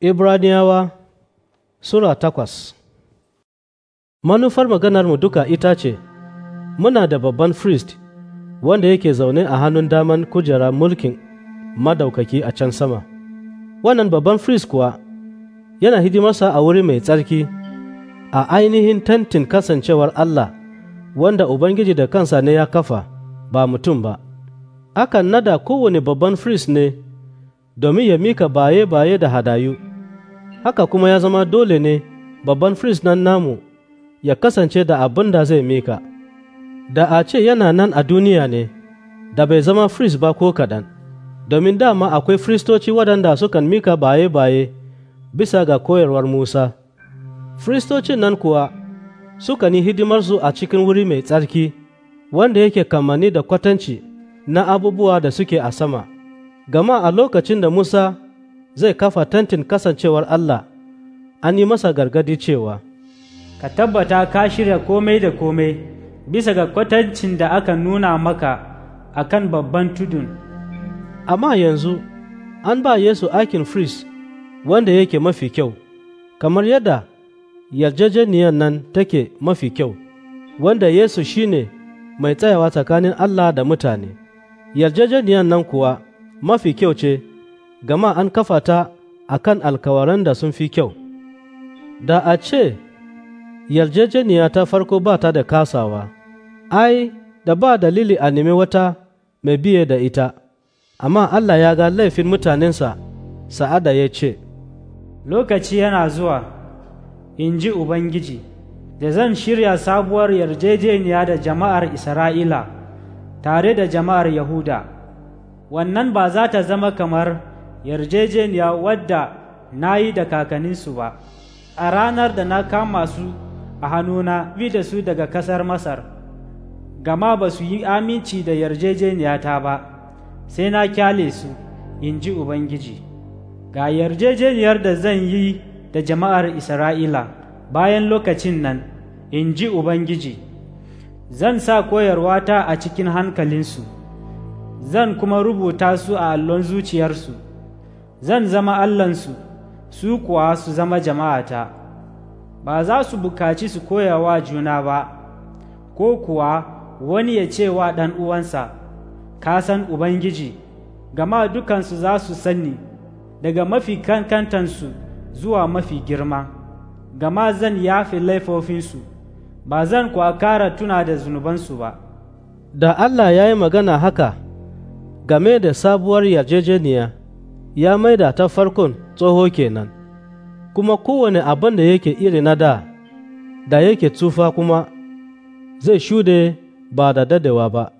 Ibraniyawa Sura takwas Manufar maganarmu duka ita ce, Muna da babban frist wanda yake zaune a hannun daman kujera mulkin madaukaki a can sama. Wannan babban frist kuwa yana hidimarsa a wuri mai tsarki a ainihin tentin kasancewar Allah wanda Ubangiji da kansa ne ya kafa ba mutum ba. Akan nada kowane babban frist ne domin ya mika baye-baye da hadayu. haka kuma ya zama dole ne babban firist nan namu ya kasance da abin da zai mika da a ce yana nan a duniya ne da bai zama firist ba ko kaɗan domin dama akwai firistoci waɗanda sukan mika baye-baye bisa ga koyarwar musa firistocin nan kuwa sukan yi hidimarsu a cikin wuri mai tsarki wanda yake kamanni da kwatanci na abubuwa da suke a sama gama a lokacin da musa zai kafa tantin kasancewar Allah, an yi masa gargadi cewa, Ka tabbata ka shirya komai da komai bisa ga kwatancin da aka nuna maka a kan babban tudun. Amma yanzu, an ba Yesu aikin fris wanda yake mafi kyau, kamar yadda yarjejeniyar nan take mafi kyau, wanda Yesu shine mai tsayawa tsakanin Allah da mutane. Yarjejeniyar nan kuwa mafi kyau ce gama an kafa ta a kan alkawaran da sun fi kyau. Da a ce, yarjejeniya ta farko ba ta da kasawa, ai, da ba dalili a nemi wata mai biye da ita, amma Allah ya ga laifin mutanensa, sa'ada ya ce, Lokaci yana zuwa, in ji Ubangiji, da zan shirya sabuwar yarjejeniya da jama'ar Isra'ila tare da jama'ar Yahuda, wannan ba za ta zama kamar yarjejeniya wadda na yi da kakanninsu ba a ranar da na kama su a hannuna bi da su daga ƙasar masar gama ba su yi aminci da yarjejeniyata ba sai na kyale su in ji ubangiji ga yarjejeniyar da zan yi da jama'ar isra'ila bayan lokacin nan in ji ubangiji zan sa koyarwata a cikin hankalinsu zan kuma rubuta su a allon zuciyarsu zan zama Allahnsu su kuwa su zama jama'ata ba za su bukaci su koyawa juna ba ko kuwa wani ya ce wa ɗan uwansa ka san ubangiji gama dukansu za su sani, daga mafi kankantansu zuwa mafi girma gama zan yafe laifofinsu ba zan kuwa kara tuna da zunubansu ba da allah ya yi magana haka game da sabuwar yarjejeniya ya maida ta farkon tsoho kenan, kuma kowane abin da yake iri na da, da yake tsufa kuma zai shude ba da dadewa ba.